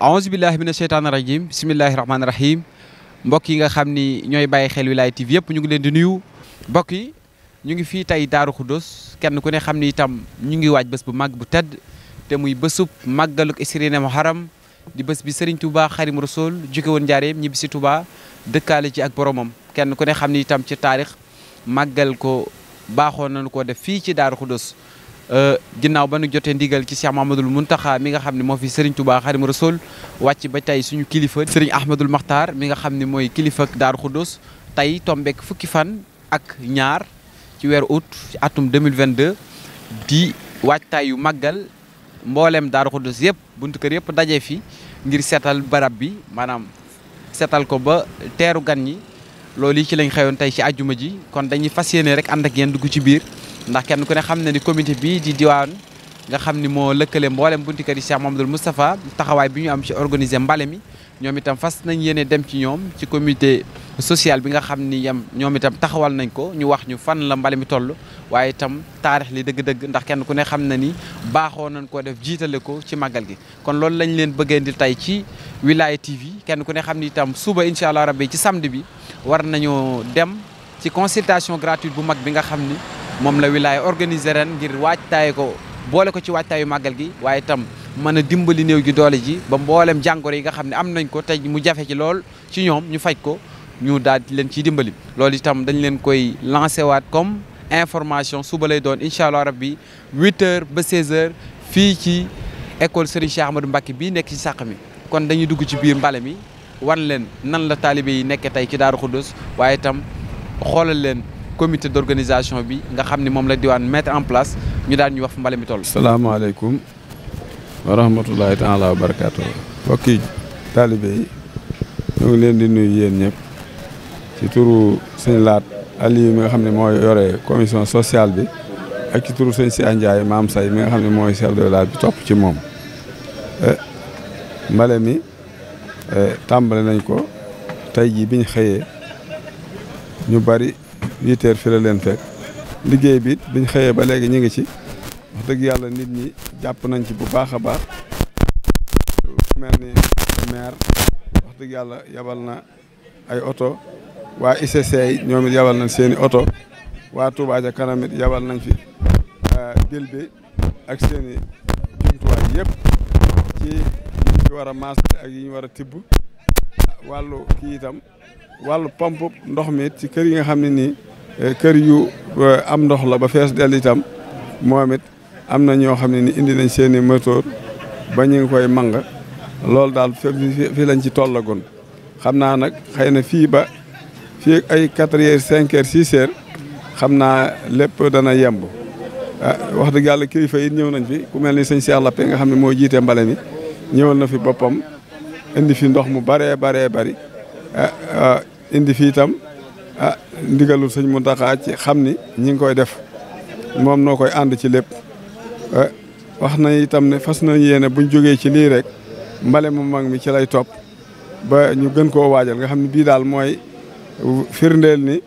aouzu billahi mina sheytaani rajim bisimillahi rahmaani rahim mbokk yi nga xam ni ñooy bàyyi xel wilaay TV yëpp ñu ngi leen di nuyu mbokk yi ñu ngi fii tey Daaru Xuddos kenn ku ne xam ni itam ñu ngi waaj bës bu màgg bu tedd te muy bésub màggaluk Isriina Muharram di bés bi Serigne Touba Xaadimu Rasuul jóge woon njaareem ñibbi si Touba dëkkaale ci ak boromam kenn ku ne xam ni itam ci taarix màggal ko baaxoon nanu ko def fii ci Daaru Xuddos Euh, ginnaaw ba nu jotee ndigal ci Cheikh mun Muntaxa mi nga xam ne moo fi Serigne Touba Xaadimu Rasuul wàcc ba tey suñu kilifa Serigne Ahmadul maxtar mi nga xam ne mooy kilifa Daaru Xuddos tey tombek fukki fan ak ñaar ci weeru août ci atum 2022 di yu màggal mboolem Daaru Xuddos yëpp buntu kër yëpp dajee fi ngir seetal barab bi maanaam seetal ko ba teeru gan ñi loolu yi ci lañ xewoon tey ci àjjuma ji kon dañuy fas yéene rek ànd ak yéen dugg ci biir ndax kenn ku ne xam na ni comité bi di diwaan nga xam ni moo lëkkale mboolem buntikat yi Cheikh Mamadou Moustapha taxawaay bi ñu am ci organiser mbale mi ñoom itam fas nañ yéene dem ci ñoom ci comité social bi nga xam ni yam ñoom itam taxawal nañ ko ñu wax ñu fan la mbale mi toll waaye itam taarix li dëgg-dëgg ndax kenn ku ne xam na ni baaxoo nañ koo def jiitale ko ci màggal gi kon loolu lañ leen bëggee di tey ci Wilaya TV kenn ku ne xam ni itam suba incha allah rabbi ci samedi bi war nañoo dem ci consultation gratuite bu mag bi nga xam ni moom la wilaaya organiser ren ngir waajtaay ko boole ko ci waajtaayu màggal gi waaye itam mën dimbali néew ji doole ji ba mboolem jàngoro yi nga xam ne am nañ ko tey mu jafe ci lool ci ñoom ñu faj ko ñu daal di leen ciy dimbali. loolu itam dañ leen koy lancé waat comme information suba lay doon incha allah rabbi 8h ba 16h fii ci école Serigne Cheikh Ahmadou Mbacké bii nekk ci sàq mi kon dañuy dugg ci biir mbale mi wan leen nan la taalibe yi nekk tey ci Daaru Xuddus waaye itam xoolal leen. comité d'organisation bi nga xam ni moom la diwaan mettre en place ñu daal ñu wax fu mbale mi toll. salaamaaleykum wa rahmatulahi taala wa barakaatu. yi ñu leen di nuyu yéen ñëpp ci turu sëñ Laat Aliou mi nga xam ne mooy yore commission sociale bi ak ci turu sëñ Sia Ndiaye maam say mi nga xam ne mooy chef de village topp ci moom eh, mbale mi eh, tàmbale nañ ko tey jii biñ xëyee ñu bari. huit heures fi la leen fekk liggéey bi biñ xëyee ba léegi ñu ngi ci wax dëgg yàlla nit ñi jàpp nañ ci bu baax a baax mel ni maire wax dëgg yàlla yabal na ay oto waa ICC ñoom it yabal nañ seen oto waa Touba ca kanam it yabal nañ fi euh, jël bi ak seen jumtuwaay yëpp ci yi ñu war a maas ak yi ñu war a tibb wàllu kii itam wàllu pompe ndox mi ci kër yi nga xam ne nii eh, kër yu eh, am ndox la ba fees dell itam moom it am na ñoo xam ne ni indi nañ seeni moteur ba ñu ngi koy mang loolu daal fii lañ ci tollagoon xam naa nag xëy na fii ba fii ay quatre heures cinq xam naa lépp dana yemb ah, wax dëgg kilifa yi ñëw nañ fi ku mel ni sëñ Cheikh Lappé nga xam ne moo jiitee mbale mi ñëwal na fi boppam indi fi ndox mu baree baree bari Eh, eh, indi fii itam ah ndigalul sëñ Muntaxa ci xam ni ñi ngi koy def moom noo koy ànd ci lépp wax na itam ne fas nañ yéene buñ jógee ci lii rek mbale mu mag mi ci lay topp ba ñu gën koo waajal nga xam ne bii daal mooy firndeel ni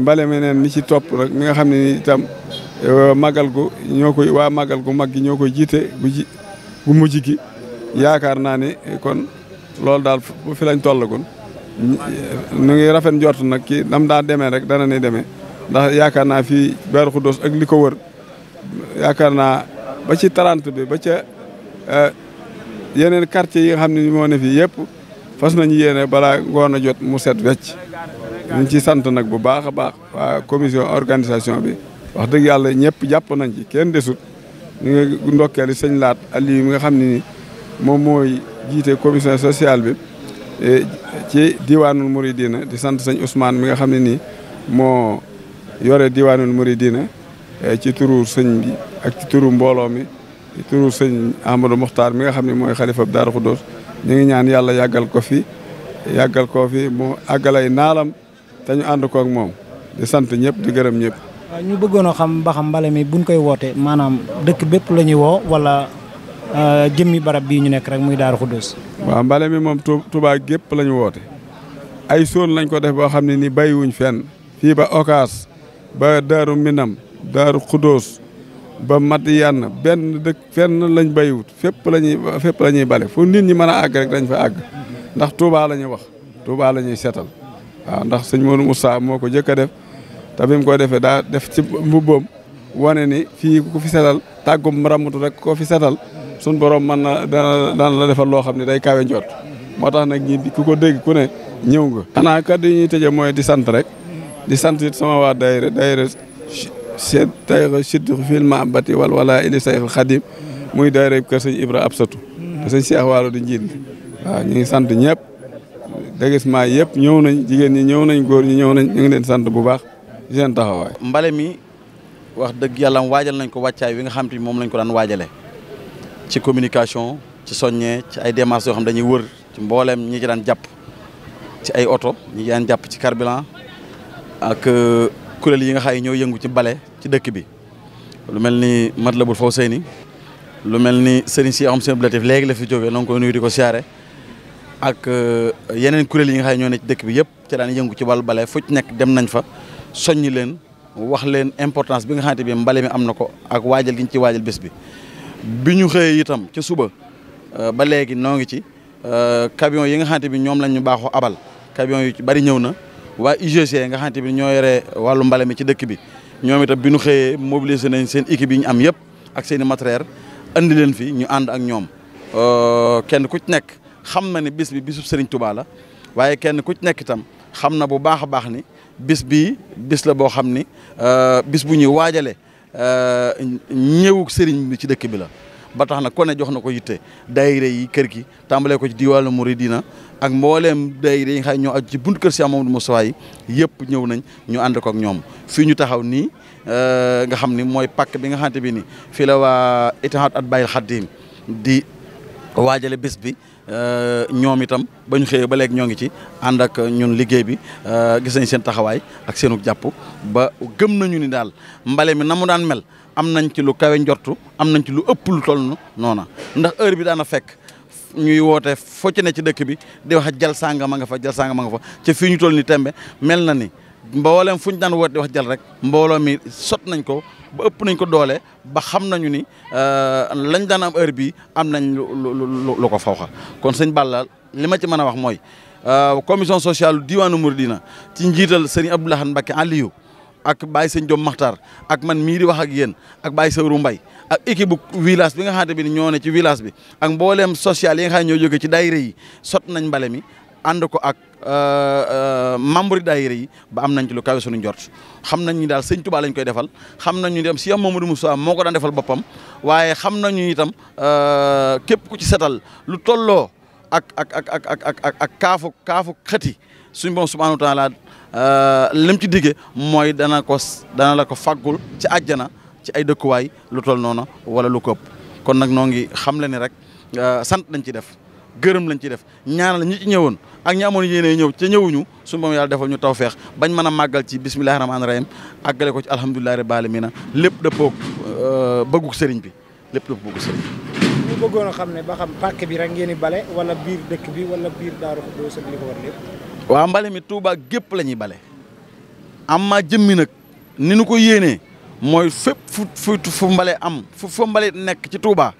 mbale meneen mi ci topp rek mi nga xam ne itam màggal gu ñoo koy waa màggal gu mag gi ñoo koy jiite gu ji gu mujj gi yaakaar naa ni kon loolu daal bu fi lañ tollagun nu ngi rafet njort nag ki nam daa demee rek dana ni demee ndax yaakaar naa fii Daaru dos ak li ko wër yaakaar naa ba ci trente bi ba ca eh, yeneen quartier yi nga xam ne moo ne fii yëpp fas nañu yéene balaa ngoon a jot mu set wecc ñu ci sant nag bu baax a baax waa commission organisation bi wax dëgg yàlla ñëpp jàpp nañ ci kenn desut ñu ngi ndokkeeli sëñ Laat Aliou mi nga xam ne ni moom mooy jiite commission sociale bi Eh, ci diwaanul muridina di sant sëñ Ousmane mi nga xam ne nii moo yore diwaanul muridina eh, ci turu sëñ ak ci turu mbooloo mi ci turu sëñ Amadou Mokhtar mi nga xam ne mooy xalifa Daaru Xuddoos ñu ngi ñaan yàlla yàggal ko fi yàggal ko fi mu àggalay naalam te ñu ànd koog moom di sant ñëpp di gërëm ñëpp. ñu bëggoon xam ba mbale mi buñ koy woote maanaam dëkk bépp la woo wala Euh, jëmmi barab bii ñu nekk rek muy Daaru Xuddus waa mbale mi moom tubaa gépp la ñu woote ay soon lañ ko def boo xam ne ni bàyyiwuñ fenn fii ba Okaas ba Daaru Minam Daaru Xuddus ba Madiyaana benn dëkk fenn lañ bàyyiwut fépp la ñuy fépp la ñuy bale fu nit ñi mën a àgg rek dañ fa àgg ndax Touba la ñuy wax tubaa la ñuy seetal waaw ndax sëñ Modou Moussa moo ko jëkk a def te bi mu ko defee daa def ci mbubboom wane ni fii ku fi setal tàggum ramatu rek koo fi setal suñ borom mën na dana daan la defal loo xam ne day kawe njot moo tax nag ñi ku ko dégg ku ne ñëw nga xanaa kàddu yi ñuy tëje mooy di sant rek di sant it sama waa daayira daayira seet daayira sidd fil mahabbati wal walaa ili sayxil xadim muy daayira kër sëñ Ibra Absatu te sëñ Seex Waalo di njiit waaw ñu ngi sant ñëpp dégisement yëpp ñëw nañ jigéen ñi ñëw nañ góor ñi ñëw nañ ñu ngi leen sant bu baax seen taxawaay mbale mi wax dëgg yàlla waajal nañ ko wàccaay wi nga xam te moom lañ ko daan waajale ci communication ci soññee ci ay démarches yoo xam dañuy wër ci mbooleem ñi ci daan jàpp ci ay oto ñi ci daan jàpp ci carburant ak euh, kuréel yi nga xam ne ñoo yëngu ci bale ci dëkk bi lu mel ni la Matlabul ni lu mel ni Serigne si am seen Latif léegi la fi jógee na nga koy nuyu di ko siyaare ak euh, yeneen kuréel yi nga xam ñoo ne ci dëkk bi yëpp ci daan yëngu ci wàllu bale fu nekk dem nañ fa soññi leen wax leen importance bi nga xamante bi mbale mi am na ko ak waajal gi ci waajal bés bi bi ñu xëyee itam ca suba euh, ba léegi noo ngi ci euh, camion yi nga xamante bi ñoom lañ ñu baaxoo abal camion yi ci bari ñëw na waa UGC nga xamante bi ñoo yore wàllu mbale mi ci dëkk bi ñoom itam bi ñu xëyee mobilisé nañ seen équipe bi ñu am yëpp ak seen i matériel andi leen fi ñu ànd ak ñoom euh, kenn ku nekk xam na ne bis bisu Serigne Touba waaye kenn ku nekk itam xam na bu baax a baax ni bis bi bis la boo xam ni bis bu ñuy waajale Euh, ñëwu sëriñ bi ci dëkk bi la ba tax na ku ne jox na ko yitte daayira yi kër gi tàmbalee ko ci diwaanu Muridina ak mbooleem daayira yi nga xam ñoo aju bunt kër si Amadou Moustapha yi yëpp ñëw nañ ñu ànd ko ak ñoom fii ñu taxaw nii euh, nga xam ni mooy pàkk bi nga xante bi ni fii la waa Ittihaad at Bayil Xaddiim di waajale bés bi euh, ñoom itam ba ñu xëyee ba léegi ñoo ngi ci ànd ak ñun liggéey bi euh, gis nañ seen taxawaay ak seenu jàpp ba gëm nañu ni daal mbale mi na mu daan mel am nañ ci lu kawe njortu am nañ ci lu ëpp lu toll noona ndax heure bi daan daana fekk ñuy woote fo ci ne ci dëkk bi di wax jal sàngam a nga fa jal sàngam ma nga fa ci fii ñu toll ni tembe mel na ni mboolem fu ñu daan woote wax jël rek mbooloo mi sot nañ ko ba ëpp nañ ko doole ba xam nañu ni euh, lañ daan am heure bi am nañ lu lu lu ko fawxa kon sëñ Balla li ma ci mën a wax mooy euh, commission sociale diwaanu Mouridina ci njiital sëriñ Abdou Lahad Mbacké Aliou ak Baye Sëñ Diom Makhtar ak man mii di wax ak yéen ak Baye Sëwru Mbay ak équipe bu village bi nga xamante bi ñoo ne ci village bi ak mboolem social yi nga ñoo jóge ci daayira yi sot nañ mbale mi ànd ko ak euh, euh, membre daayira yi ba am nañ ci lu kawe suñu njort xam nañ ni daal sëñ Tuubaa lañ koy defal xam na ñu dem Cheikh Mamadou Moussa moo ko daan defal boppam waaye xam nañu itam euh, képp ku ci setal lu tolloo ak ak ak ak ak ak kaafu kaafu xëti suñ boom subhaanahu wa taala lim ci digge mooy dana ko dana la ko faggul ci àjjana ci ay dëkkuwaay lu toll noonu wala lu ko kon nag noo ngi xam le ni rek sant dañ ci def gërëm lañu ci def ñaanal ñi ci ñëwoon ak ñi amoon yéene ñëw ca ñëwuñu suñu moom yàlla defal ñu taw feex bañ mën a màggal ci bismillahi rahmaani rahim àggale ko ci alhamdulillahi rabbil aalamiina lépp dëppoo euh, bëggug sëriñ bi lépp dëppoo bëggug sëriñ bi. ñu xam ne ba bi rek bale wala biir dëkk bi wala mbale mi Touba gépp la bale amma jëmmi nag ni nu ko yéenee mooy fépp fu fu mbale am fu fa mbale nekk ci Touba.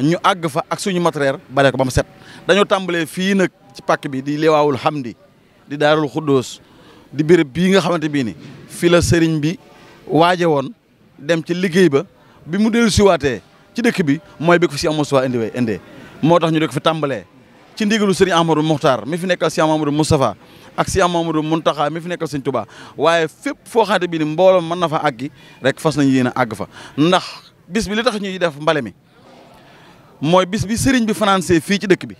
ñu àgg fa ak suñu matériel bale ko ba mu set dañoo tàmbalee fii nag ci pàkk bi di xam hamdi di daarul xuddoos di béréb bii nga xamante bii ni fii la sëriñ bi waaje woon dem ci liggéey ba bi mu dellu siwaatee ci dëkk bi mooy bi ko fi si amoon suwaa indi wee indee moo tax ñu dëkk fa tàmbalee ci ndigalu sëriñ Ahmadou Mokhtar mi fi nekkal si Amadou Moustapha ak si Amadou Muntaxa mi fi nekkal sëriñ Touba waaye fépp foo xamante bii ni mbooloo mën na fa àggi rek fas nañu yéen a àgg fa ndax bis bi li tax ñuy def mbale mi mooy bis bi sëriñ bi financé fii ci dëkk bi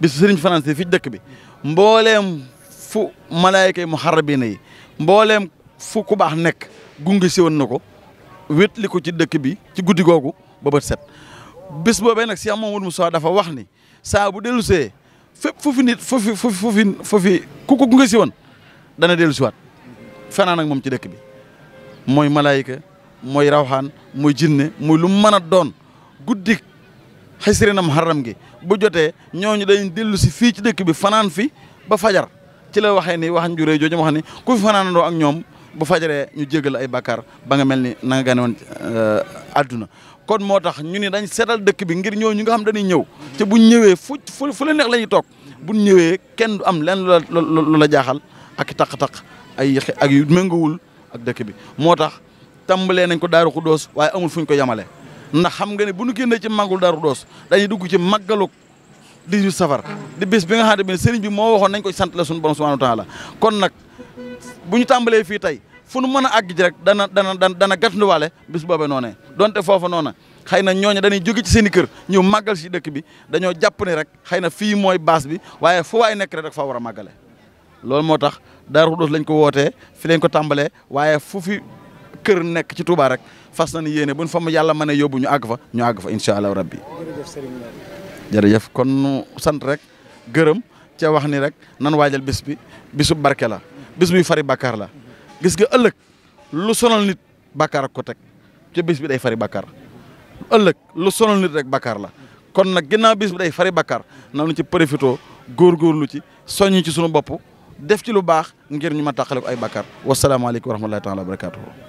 bis bi sëriñ bi financé fii ci dëkk bi mbooleem fu malaayka yi mu xarabina yi mbooleem fu ku baax nekk gunge si woon na ko wetli ko ci dëkk bi ci guddi googu ba bët set bis boobee nag Cheikh mu Moussa dafa wax ni saa bu dellu see fépp fu fi nit fu fi fu fi fu fi ku ko gunge si woon dana dellu siwaat fanaan ak moom ci dëkk bi mooy malaayika mooy rawxaan mooy jinne mooy lu mën a doon guddi xasri na muharram gi bu jotee ñooñu dañ dellu si fii ci dëkk bi fanaan fi ba fajar ci la waxee ni waxan juree jooju ma wax ni ku fi ak ñoom bu fajaree ñu jégal ay bàkkaar ba nga mel ni na nga gane woon euh, àdduna kon moo tax ñu ni dañ sedal dëkk bi ngir ñooñu nga xam dañuy ñëw te buñ ñëwee fu fu fu le neex la ñuy toog buñ ñëwee kenn du am lenn lu la jaaxal ak taq-taq ay ak yu méngoowul ak dëkk bi moo tax tàmbalee nañ ko daaru xuddoos waaye amul fu fuñ ko yemale ndax xam nga ne bu nu génnee ci màggul Daaru Doos dañuy dugg ci màggalug di safar di bis bi nga xamante ne sëriñ bi moo waxoon nañ koy sant la suñu borom subhanahu wa taala kon nag bu ñu tàmbalee fii tey fu nu mën a àgg ji rek dana dana dana dana gàttanduwaale bis boobee noonee donte foofa noona xëy na ñooñu dañuy jóge ci seen i kër ñëw màggal si dëkk bi dañoo jàpp ne rek xëy na fii mooy baas bi waaye fu waaye nekk rek fa war a màggale loolu moo tax Daaru Xudoos lañ ko wootee fi lañ ko tàmbalee waaye fu kër nekk ci Touba rek fas na ni yéene buñ fa yàlla mën a yóbbu ñu àgg fa ñu àgg fa incha allah rabbi jërëjëf kon nu sant rek gërëm ca wax ni rek nan waajal bis bi bisu barke la bis fari bàkkaar la gis nga ëllëg lu sonal nit bàkkaar ko teg ca bis bi day fari bàkkaar ëllëg lu sonal nit rek bàkkaar la kon nag ginnaaw bis bi day fari bàkkaar nanu ci profité lu ci soññ ci sunu bopp def ci lu baax ngir ñu ma tàqale ko ay bàkkaar wasalaamaaleykum wa rahmatullahi taala wa